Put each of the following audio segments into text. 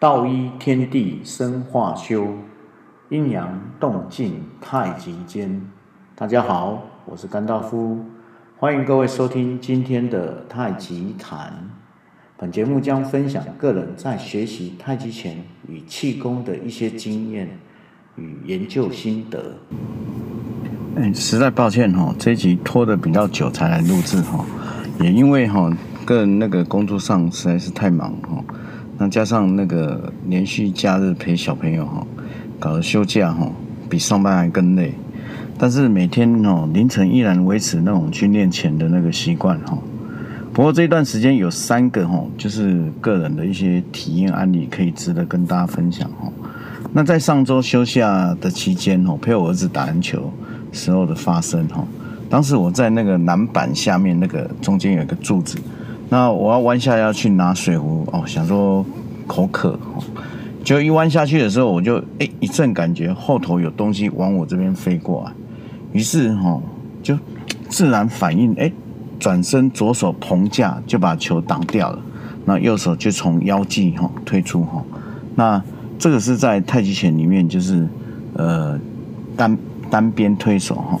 道依天地生化修，陰陽動靜太極間。大家好，我是甘道夫，歡迎各位收聽今天的太極談。本節目將分享個人在學習太極拳與氣功的一些經驗與研究心得。嗯、欸，實在抱歉哈、哦，這集拖得比較久才來錄製哈，也因為哈、哦、個人那個工作上實在是太忙哈、哦。那加上那個連續假日陪小朋友哈、哦，搞得休假哈、哦、比上班還更累，但是每天哦凌晨依然維持那種去練拳的那個習慣哈、哦。不過這段時間有三個哈、哦、就是個人的一些體驗案例可以值得跟大家分享哈。那在上周休假的期間哦陪我兒子打籃球時候的發生哈、哦、當時我在那個籃板下面那個中間有一個柱子。那我要彎下腰去拿水壺哦，想說口渴哦，就一彎下去的時候，我就哎一陣感覺後頭有東西往我這邊飛過來，於是哈、哦、就自然反應哎轉身左手棚架就把球擋掉了，那右手就從腰際、哦、推出哈、哦，那這個是在太極拳裡面就是呃單單邊推手哈、哦，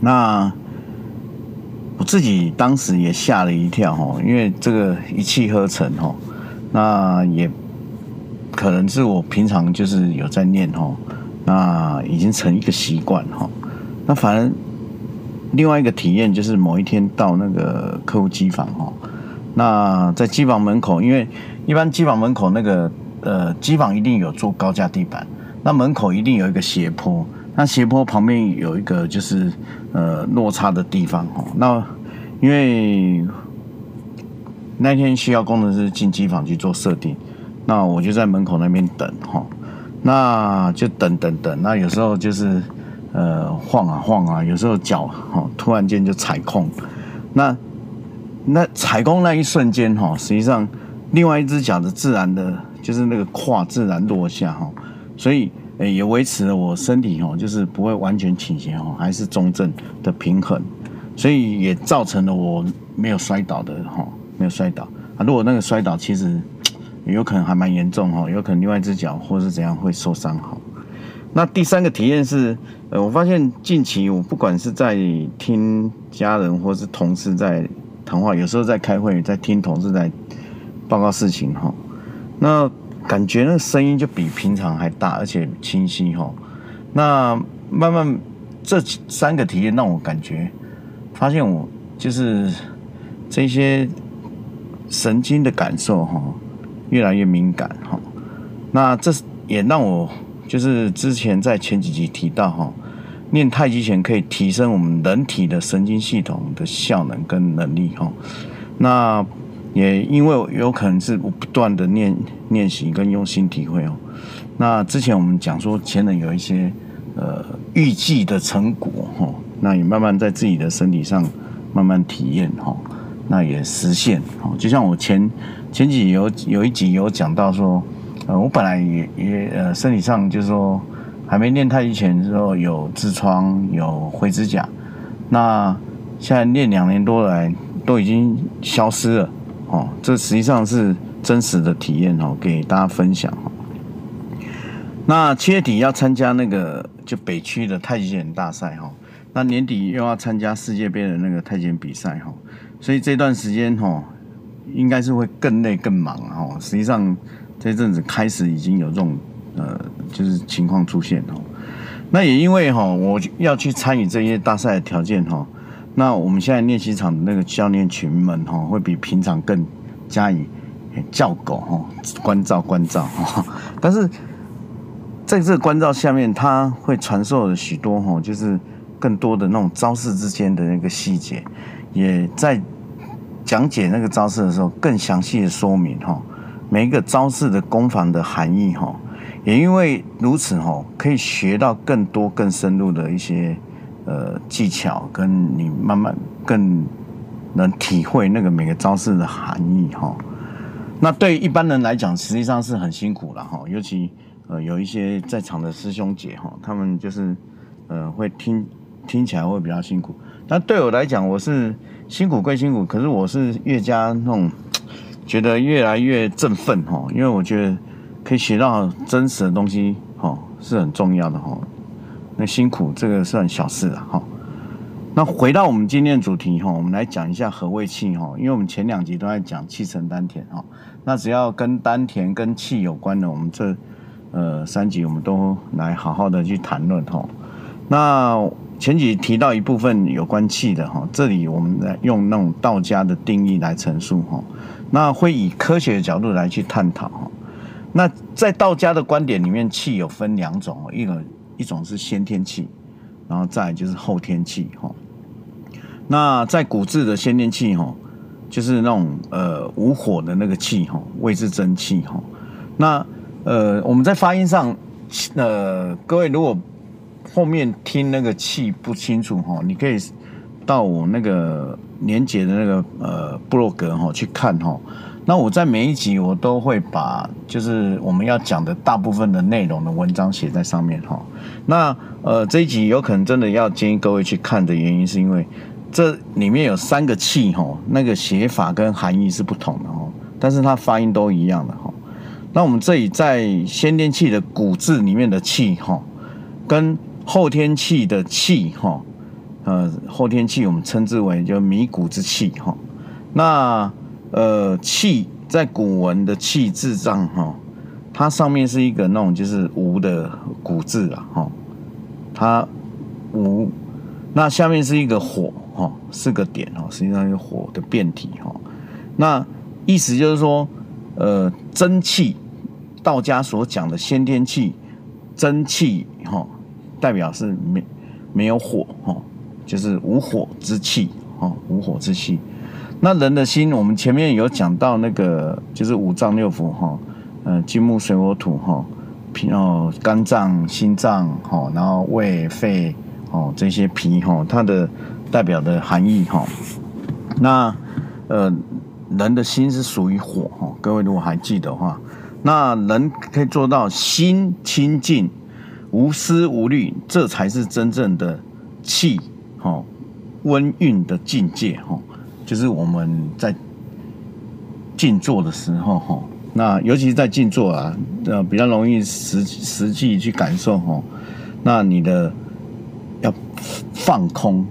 那。我自己當時也嚇了一跳哦，因為這個一氣呵成哦，那也可能是我平常就是有在念哦，那已經成一個習慣哦。那反正另外一個體驗就是某一天到那個客戶機房哦，那在機房門口，因為一般機房門口那個呃機房一定有做高架地板，那門口一定有一個斜坡。那斜坡旁邊有一個就是呃落差的地方哈、哦，那因為那天需要工程師進機房去做設定，那我就在門口那邊等哈、哦，那就等等等，那有時候就是呃晃啊晃啊，有時候腳哈、哦、突然間就踩空，那那踩空那一瞬間哈、哦，實際上另外一隻腳的自然的就是那個胯自然落下哈、哦，所以。也維持了我身體吼，就是不會完全傾斜吼，還是中正的平衡，所以也造成了我沒有摔倒的吼，沒有摔倒。啊，如果那個摔倒，其實也有可能還蠻嚴重吼，有可能另外一隻腳或是怎樣會受傷哈。那第三個體驗是，呃，我發現近期我不管是在聽家人或是同事在談話，有時候在開會，在聽同事在報告事情吼，那。感覺那聲音就比平常還大，而且清晰哈。那慢慢這三個體驗讓我感覺，發現我就是這些神經的感受哈，越來越敏感哈。那這也讓我就是之前在前幾集提到哈，練太極拳可以提升我們人體的神經系統的效能跟能力哈。那也因為有可能是我不斷的練，練習跟用心體會哦。那之前我們講說前人有一些呃預計的成果哈、哦，那也慢慢在自己的身體上慢慢體驗哈、哦，那也實現哦。就像我前前幾有有一集有講到說，呃，我本來也也呃身體上就是說，還沒練太極前的時候有痔瘡有灰指甲，那現在練兩年多來都已經消失了。哦，這實際上是真實的體驗哦，給大家分享哦，那七月底要參加那個就北區的太極拳大賽哦，那年底又要參加世界杯的那個太極拳比賽哦，所以這段時間哦，應該是會更累更忙哦。實際上這陣子開始已經有這種呃，就是情況出現哦。那也因為哈，哦，我要去參與這些大賽的條件哈。哦那我們現在練習場的那個教練群們哈、哦，會比平常更加以教狗哈、哦，關照關照哈。但是在這個關照下面，他會傳授了許多哈、哦，就是更多的那種招式之間的那個細節，也在講解那個招式的時候更詳細的說明哈、哦，每一個招式的攻防的含義哈、哦。也因為如此哈、哦，可以學到更多更深入的一些。呃，技巧跟你慢慢更能體會那個每個招式的含義哈、哦。那對一般人來講，實際上是很辛苦了哈。尤其呃，有一些在場的師兄姐哈、哦，他們就是呃，會聽聽起來會比較辛苦。那對我來講，我是辛苦歸辛苦，可是我是越加那種覺得越來越振奮哈、哦，因為我覺得可以學到真實的東西哈、哦，是很重要的哈。哦那辛苦，這個算小事了、啊、哈、哦。那回到我們今天的主題哈、哦，我們來講一下何謂氣哈。因為我們前兩集都在講氣沉丹田哈、哦，那只要跟丹田跟氣有關的，我們這呃三集我們都來好好的去談論哈。那前幾集提到一部分有關氣的哈、哦，這裡我們來用那種道家的定義來陳述哈、哦。那會以科學的角度來去探討、哦。那在道家的觀點裡面，氣有分兩種，一個，一種是先天氣，然後再來就是後天氣，哈。那在古字的先天氣，哈，就是那種呃無火的那個氣，哈，謂之真氣，哈。那呃，我們在發音上，呃，各位如果後面聽那個氣不清楚，哈，你可以到我那個連結的那個呃部落格，哈，去看，哈。那我在每一集我都會把就是我們要講的大部分的內容的文章寫在上面哈、哦。那呃這一集有可能真的要建議各位去看的原因是因為這裡面有三個氣哈、哦，那個寫法跟含義是不同的哈、哦，但是它發音都一樣的哈、哦。那我們這裡在先天氣的古字裡面的氣哈、哦，跟後天氣的氣哈、哦，呃後天氣我們稱之為就米穀之氣哈、哦。那呃，氣在古文的氣字上，哈、哦，它上面是一個那種就是無的古字啊，哈、哦，它無，那下面是一個火，哈、哦，四個點，哈、哦，實際上是火的變體，哈、哦，那意思就是說，呃，真氣，道家所講的先天氣，真氣，哈、哦，代表是沒沒有火，哈、哦，就是無火之氣，哈、哦，無火之氣。那人的心，我們前面有講到那個，就是五臟六腑哈、哦，呃，金木水火土哈、哦，平哦，肝臟、心臟哈、哦，然後胃、肺哦，這些脾哈、哦，它的代表的含義哈、哦。那呃，人的心是屬於火哈、哦，各位如果還記得的話，那人可以做到心清淨、無私無慮，這才是真正的氣哈、哦、溫運的境界哈、哦。就是我們在靜坐的時候，哈，那尤其是在靜坐啊，呃，比較容易實實際去感受，哈，那你的要放空，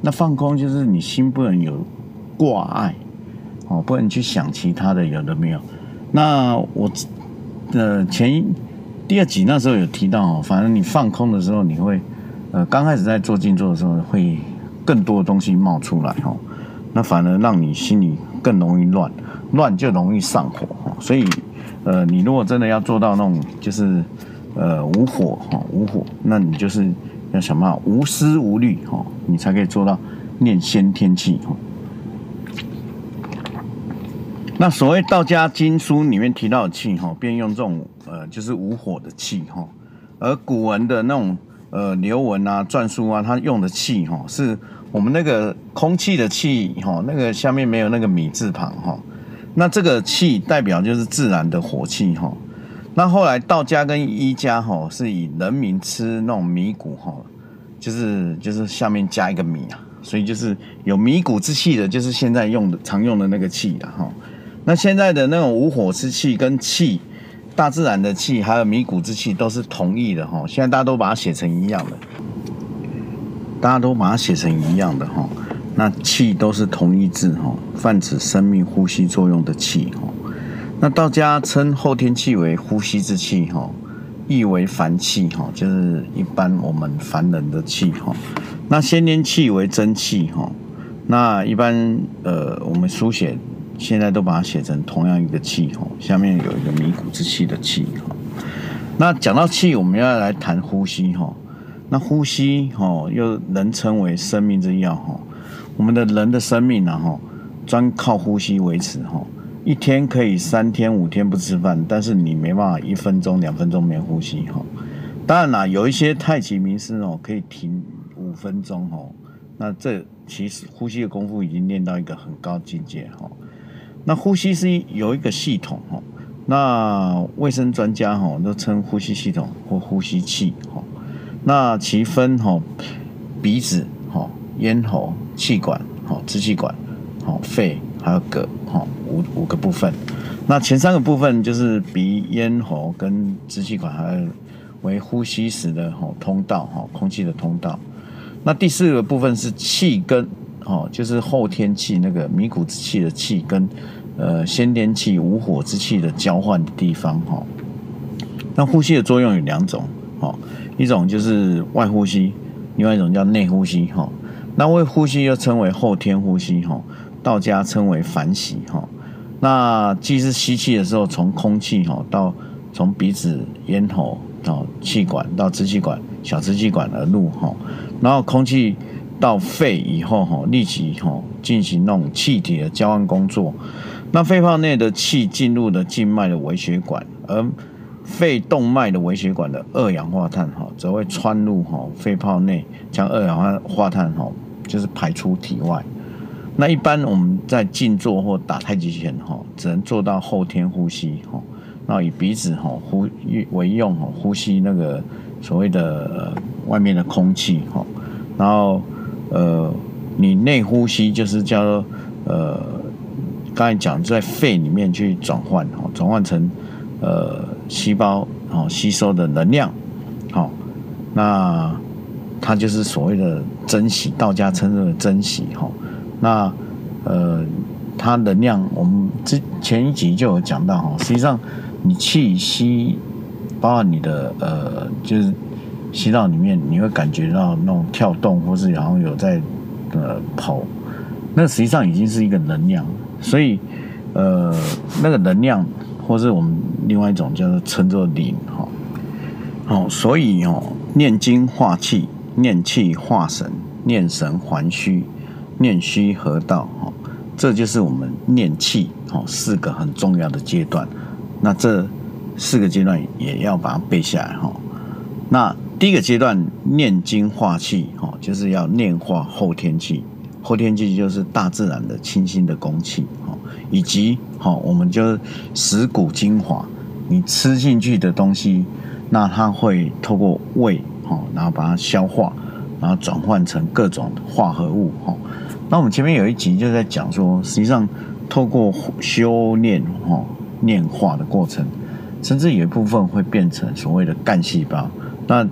那放空就是你心不能有掛礙，哦，不能去想其他的，有的沒有。那我呃前一第二集那時候有提到，反正你放空的時候，你會呃剛開始在做靜坐的時候，會更多的東西冒出來，哈。那反而讓你心裡更容易亂，亂就容易上火。所以，呃，你如果真的要做到那種就是呃無火哈、喔，無火，那你就是要想辦法無思無慮哈、喔，你才可以做到練先天氣哈、喔。那所謂道家經書裡面提到的氣哈、喔，便用這種呃就是無火的氣哈、喔，而古文的那種。呃，劉文啊，篆書啊，他用的氣哈，是我們那個空氣的氣哈，那個下面沒有那個米字旁哈，那這個氣代表就是自然的火氣哈。那後來道家跟醫家哈，是以人民吃那種米谷哈，就是就是下面加一個米啊，所以就是有米谷之氣的，就是現在用的常用的那個氣了哈。那現在的那種無火之氣跟氣。大自然的氣，還有米谷之氣，都是同義的吼，現在大家都把它寫成一樣的，大家都把它寫成一樣的哈。那氣都是同義字哈，泛指生命呼吸作用的氣哈。那道家稱後天氣為呼吸之氣哈，意為凡氣哈，就是一般我們凡人的氣哈。那先天氣為真氣哈，那一般呃我們書寫。現在都把它寫成同樣一個氣，下面有一個米谷之氣的氣。那講到氣，我們要來談呼吸。那呼吸吼，又能稱為生命之藥。我們的人的生命呢、啊、專靠呼吸維持。一天可以三天五天不吃飯，但是你沒辦法一分鐘兩分鐘沒呼吸吼。當然啦、啊，有一些太極名師哦，可以停五分鐘。那這其實呼吸的功夫已經練到一個很高境界。那呼吸是有一個系統哦，那衛生專家哈都稱呼吸系統或呼吸器哈，那其分哈鼻子哈、咽喉、氣管哈、支氣管、肺還有膈哈五五個部分。那前三個部分就是鼻、咽喉跟支氣管，還有為呼吸時的哈通道哈空氣的通道。那第四個部分是氣根。哦，就是後天氣那個米穀之氣的氣跟呃先天氣無火之氣的交換的地方哈、哦。那呼吸的作用有兩種，哈、哦，一種就是外呼吸，另外一種叫內呼吸哈、哦。那外呼吸又稱為後天呼吸哈，道、哦、家稱為凡息哈。那即是吸氣的時候，從空氣哈、哦、到從鼻子、咽喉、哦、氣到氣管到支氣管、小支氣管而入哈、哦，然後空氣。到肺以後，哈，立即哈進行那種氣體的交換工作。那肺泡內的氣進入了靜脈的微血管，而肺動脈的微血管的二氧化碳，哈，則會穿入哈肺泡內，將二氧化碳，哈，就是排出體外。那一般我們在靜坐或打太極拳，哈，只能做到後天呼吸，哈，那以鼻子，哈，呼為用，呼吸那個所謂的外面的空氣，哈，然後。呃，你內呼吸就是叫做呃，剛才講在肺裡面去轉換哦，轉換成呃細胞哦吸收的能量，好、哦，那它就是所謂的真氣，道家稱之為真氣哈、哦。那呃，它能量我們之前一集就有講到哈，實際上你氣息，包括你的呃，就是。吸到裡面，你會感覺到那種跳動，或是好像有在呃跑，那實際上已經是一個能量。所以，呃，那個能量，或是我們另外一種叫做稱作靈哈。哦，所以哦，煉精化氣，煉氣化神，煉神還虛，煉虛合道，哦，這就是我們煉氣哦四個很重要的階段。那這四個階段也要把它背下來哈，哦。那第一個階段煉精化氣，吼，就是要煉化後天氣，後天氣就是大自然的清新的空氣，吼，以及，吼，我們就是食谷精華，你吃進去的東西，那它會透過胃，吼，然後把它消化，然後轉換成各種化合物，吼，那我們前面有一集就在講說，實際上透過修煉，吼，煉化的過程，甚至有一部分會變成所謂的幹細胞，那。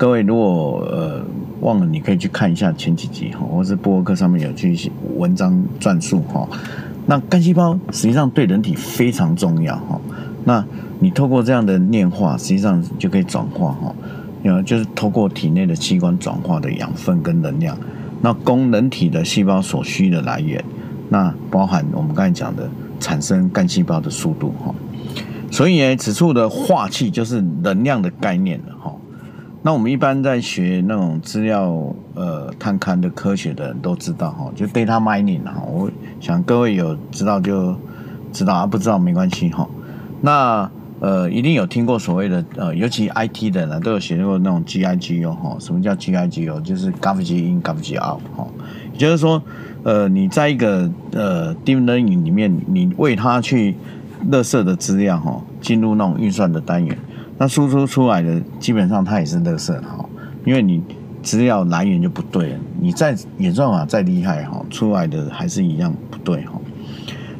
各位，如果呃忘了，你可以去看一下前幾集哈，或是播客上面有去寫文章轉述哈。那幹細胞實際上對人體非常重要哈。那你透過這樣的煉化，實際上就可以轉化哈，然後就是透過體內的器官轉化的養分跟能量，那供人體的細胞所需的來源，那包含我們剛才講的產生幹細胞的速度哈。所以呢，此處的化氣就是能量的概念了哈。那我們一般在學那種資料呃探勘的科學的人都知道哈，就 data mining 哈，我想各位有知道就知道啊，不知道沒關係哈。那呃一定有聽過所謂的呃，尤其 IT 的人都有學過那種 GIGO 哈，什麼叫 GIGO？就是 garbage in, garbage out 哈，也就是說呃你在一個呃 deep learning 裡面，你為它去垃圾的資料哈，進入那種運算的單元。那輸出出來的基本上它也是樂色哈，因為你只要來源就不對了，你再演算法再厲害哈，出來的還是一樣不對哈。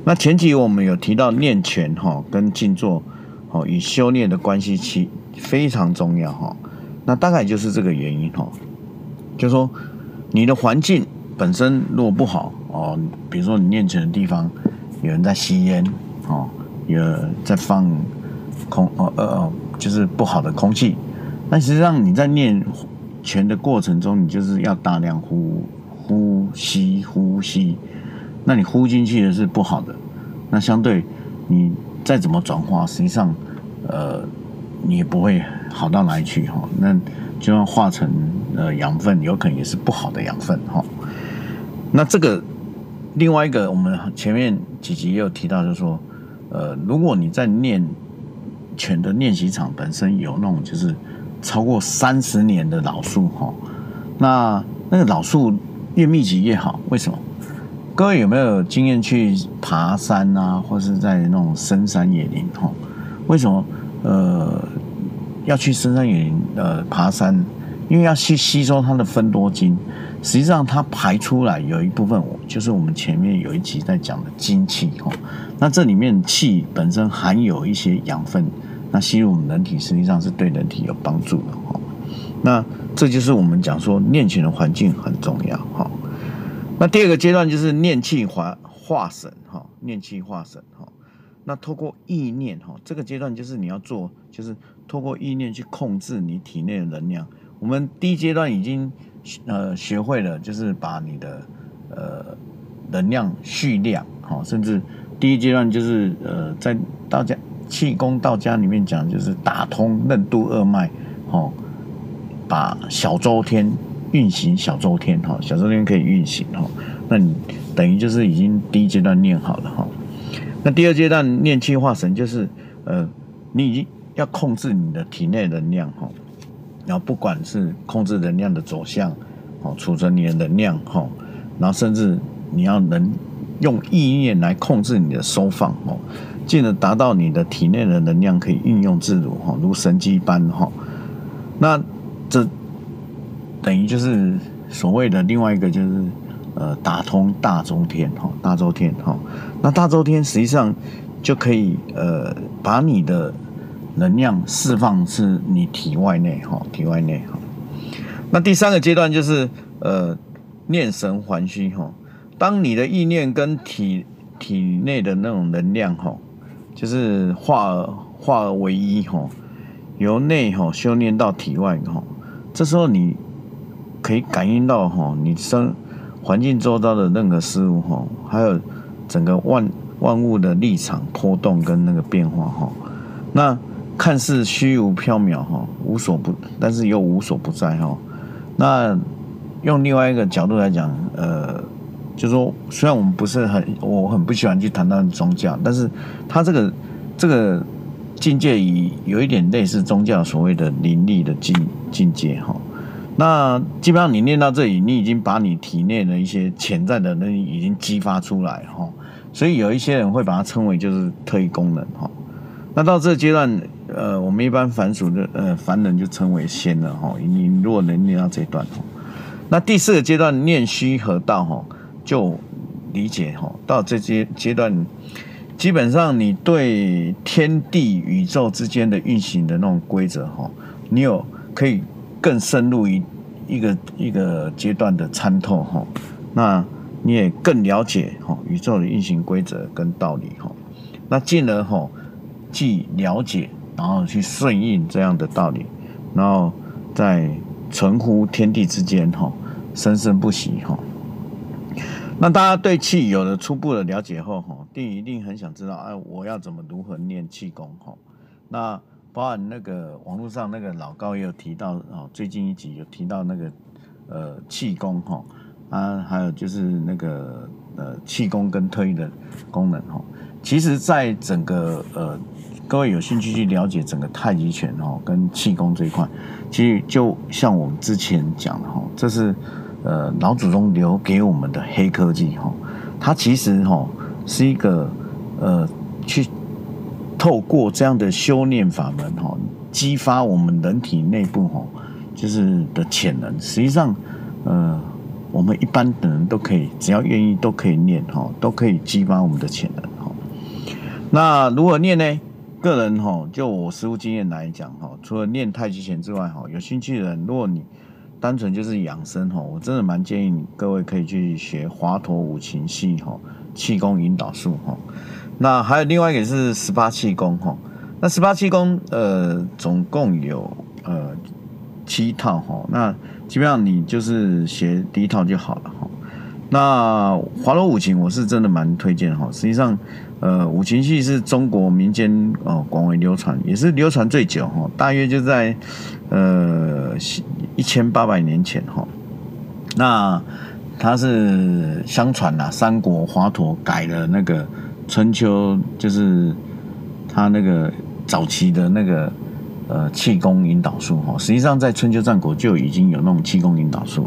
那前集我們有提到練拳哈跟靜坐哦與修煉的關係其非常重要哈。那大概就是這個原因哈，就說你的環境本身如果不好哦，比如說你練拳的地方有人在吸煙哦，有人在放空哦哦。呃哦就是不好的空氣，但實際上你在練拳的過程中，你就是要大量呼呼吸呼吸，那你呼進去的是不好的，那相對你再怎麼轉化，實際上，呃，你也不會好到哪裡去哈、哦。那就算化成呃養分，有可能也是不好的養分哈、哦。那這個另外一個，我們前面幾集也有提到，就是說，呃，如果你在練。拳的練習場本身有那種就是超過三十年的老樹哈，那那個老樹越密集越好，為什麼？各位有沒有經驗去爬山啊，或是在那種深山野林哈？為什麼？呃，要去深山野林呃爬山，因為要去吸收它的芬多精。實際上，它排出來有一部分，就是我們前面有一集在講的精氣哈、哦。那這裡面氣本身含有一些養分，那吸入我們人體實際上是對人體有幫助的哈、哦。那這就是我們講說練氣的環境很重要哈、哦。那第二個階段就是練氣化化神哈、哦，練氣化神哈、哦。那透過意念哈、哦，這個階段就是你要做，就是透過意念去控制你體內的能量。我們第一階段已經。呃，學會了就是把你的呃能量蓄量，好、哦，甚至第一階段就是呃在道家氣功道家裡面講，就是打通任督二脈，好、哦，把小周天運行小周天，好、哦，小周天可以運行，哈、哦，那你等於就是已經第一階段練好了，哈、哦，那第二階段練氣化神，就是呃你已經要控制你的體內能量，哈、哦。然後不管是控制能量的走向，哦，儲存你的能量，哦，然後甚至你要能用意念來控制你的收放，哦，進而達到你的體內的能量可以運用自如，哈、哦，如神機般，哈、哦。那這等於就是所謂的另外一個就是呃打通大周天，哈、哦，大周天，哈、哦。那大周天實際上就可以呃把你的。能量釋放是你體外內哈，體外內哈。那第三個階段就是呃，煉神還虛哈。當你的意念跟體體內的那種能量哈，就是化化為一哈，由內哈修煉到體外哈。這時候你可以感應到哈，你身環境周遭的任何事物哈，還有整個萬萬物的力場波動跟那個變化哈。那看似虛無縹緲哈，無所不，但是又無所不在哈。那用另外一個角度來講，呃，就說，雖然我們不是很，我很不喜歡去談到宗教，但是它這個這個境界已有一點類似宗教所謂的靈力的境境界哈。那基本上你練到這裡，你已經把你體內的一些潛在的能力已經激發出來哈。所以有一些人會把它稱為就是特異功能哈。那到這階段。呃，我們一般凡俗的呃凡人就稱為仙了哈。你如果能念到這一段哈、喔，那第四個階段念虛合道哈、喔，就理解哈、喔。到這階階段，基本上你對天地宇宙之間的運行的那種規則哈，你有可以更深入一一個一個階段的參透哈、喔。那你也更了解哈、喔、宇宙的運行規則跟道理哈、喔。那進而哈、喔、既了解。然後去順應這樣的道理，然後在存乎天地之間哈、哦，生生不息哈、哦。那大家對氣有了初步的了解後哈，一、哦、定一定很想知道啊、哎，我要怎麼如何練氣功哈、哦？那包含那個網絡上那個老高也有提到哦，最近一集有提到那個呃氣功哈、哦，啊還有就是那個呃氣功跟推的功能哈、哦。其實，在整個呃。各位有興趣去了解整個太極拳哦，跟氣功這一塊，其實就像我們之前講的哈，這是呃老祖宗留給我們的黑科技哈，它其實哈是一個呃去透過這樣的修煉法門哈，激發我們人體內部哈就是的潛能。實際上呃，我們一般的人都可以，只要願意都可以練哈，都可以激發我們的潛能哈。那如何練呢？個人哈，就我實務經驗來講哈，除了練太極拳之外哈，有興趣的人，如果你單純就是養生哈，我真的蠻建議你各位可以去學華佗五禽戲哈、氣功引導術哈。那還有另外一個是十八氣功哈，那十八氣功呃總共有呃七套哈，那基本上你就是學第一套就好了哈。那華羅五禽，我是真的蠻推薦哈、哦。實際上，呃，五禽戲是中國民間哦廣為流傳，也是流傳最久哈、哦。大約就在，呃，一千八百年前哈、哦。那它是相傳吶、啊，三國華佗改了那個春秋，就是他那個早期的那個呃氣功引導術哈、哦。實際上，在春秋戰國就已經有那種氣功引導術。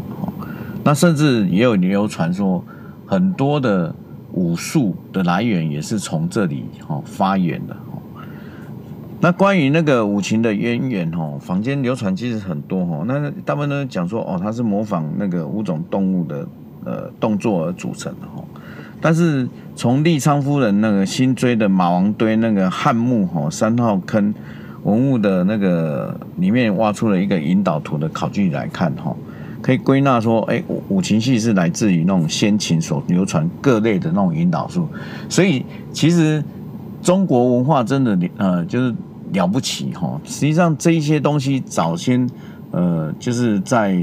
那甚至也有流傳說，很多的武術的來源也是從這裡哦發源的。那關於那個五禽的淵源哦，坊間流傳其實很多。那大部分都講說哦，它是模仿那個五種動物的呃動作而組成的，但是從利昌夫人那個辛追的馬王堆那個漢墓哦三號坑文物的那個裡面挖出了一個引導圖的考據來看哈。可以歸納說，哎，五五禽戲是來自於那種先秦所流傳各類的那種引導術，所以其實中國文化真的呃就是了不起哈、哦。實際上這一些東西早先呃就是在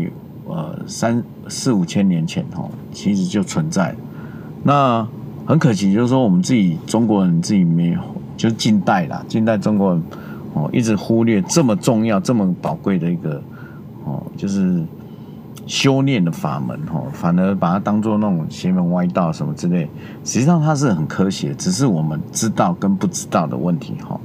呃三四五千年前哈、哦，其實就存在了。那很可惜，就是說我們自己中國人自己沒有，就是近代啦，近代中國人哦一直忽略這麼重要、這麼寶貴的一個哦，就是。修煉的法門，吼，反而把它當做那種邪門歪道什麼之類，實際上它是很科學，只是我們知道跟不知道的問題，吼。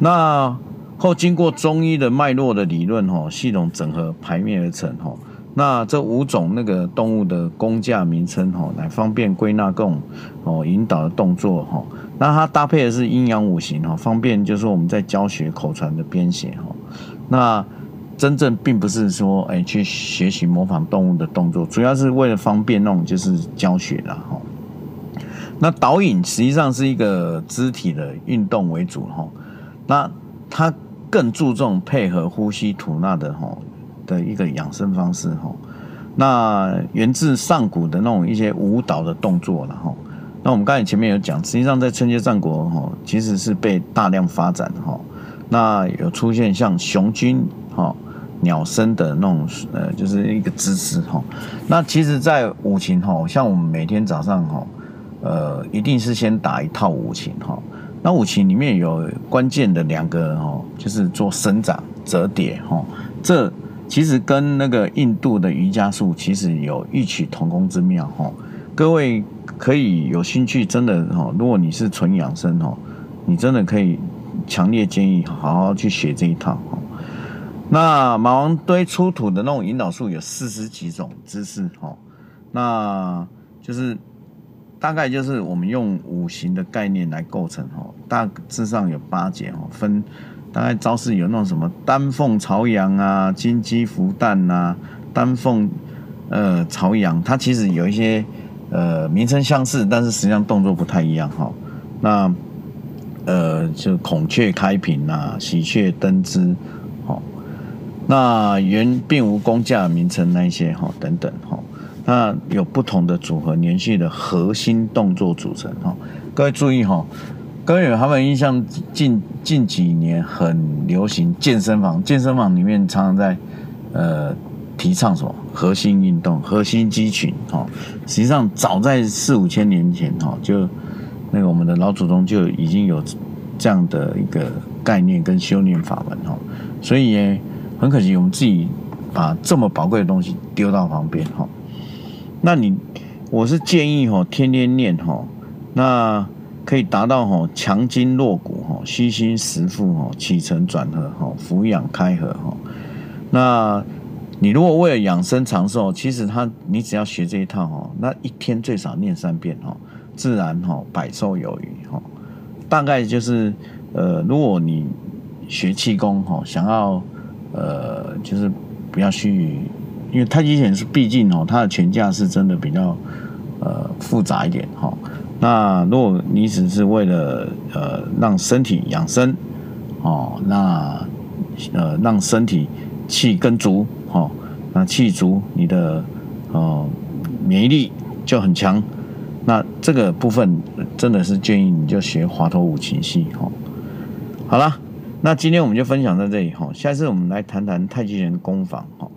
那後經過中醫的脈絡的理論，吼，系統整合排列而成，吼。那這五種那個動物的工價名稱，吼，來方便歸納各種，哦，引導的動作，吼。那它搭配的是陰陽五行，方便就是說我們在教學口傳的編寫，吼。那真正並不是說哎、欸、去學習模仿動物的動作，主要是為了方便那種就是教學了哈。那導引實際上是一個肢體的運動為主哈，那它更注重配合呼吸吐納的吼的一個養生方式哈。那源自上古的那種一些舞蹈的動作了哈。那我們剛才前面有講，實際上在春秋戰國哈，其實是被大量發展哈。那有出現像雄軍哈。鳥聲的那種呃，就是一個姿勢哈。那其實，在五禽哈，像我們每天早上哈、哦，呃，一定是先打一套五禽哈。那五禽裡面有關鍵的兩個哈、哦，就是做生長、折疊哈。這其實跟那個印度的瑜伽術其實有異曲同工之妙哈、哦。各位可以有興趣，真的哈、哦，如果你是純養生哈、哦，你真的可以強烈建議好好去學這一套。那馬王堆出土的那種引導術有四十幾種姿勢，吼，那就是大概就是我們用五行的概念來構成，吼，大致上有八節哦，分大概招式有那種什麼丹鳳朝陽啊、金雞孵蛋吶、丹鳳呃朝陽，它其實有一些呃名稱相似，但是實際上動作不太一樣齁，哈、呃。那呃就孔雀開屏啊、喜鵲登枝。那原並無功架名稱那些哈、喔、等等哈、喔，那有不同的組合，連續的核心動作組成哈、喔。各位注意哈、喔，各位有有沒有印象？近近幾年很流行健身房，健身房裡面常常在呃提倡什麼核心運動、核心肌群哈、喔。實際上早在四五千年前哈、喔，就那個我們的老祖宗就已經有這樣的一個概念跟修煉法門哈，所以。很可惜，我們自己把這麼寶貴的東西丟到旁邊哈。那你，我是建議哈，天天念哈，那可以達到哈強筋弱骨哈，虛心實腹哈，起承轉合哈，俯仰開合哈。那，你如果為了養生長壽，其實他你只要學這一套哈，那一天最少念三遍哈，自然哈百壽有餘哈。大概就是呃，如果你學氣功哈，想要呃，就是不要去，因為太極拳是畢竟哦，它的拳架是真的比較呃複雜一點哈、哦。那如果你只是為了呃讓身體養生哦，那呃讓身體氣更足哦，那氣足你的哦、呃、免疫力就很強。那這個部分真的是建議你就學華佗五禽戲哈。好啦。那今天我們就分享到這裡哈，下次我們來談談太極拳功法哈。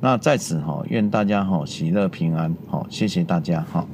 那在此哈，願大家哈喜樂平安好，謝謝大家哈。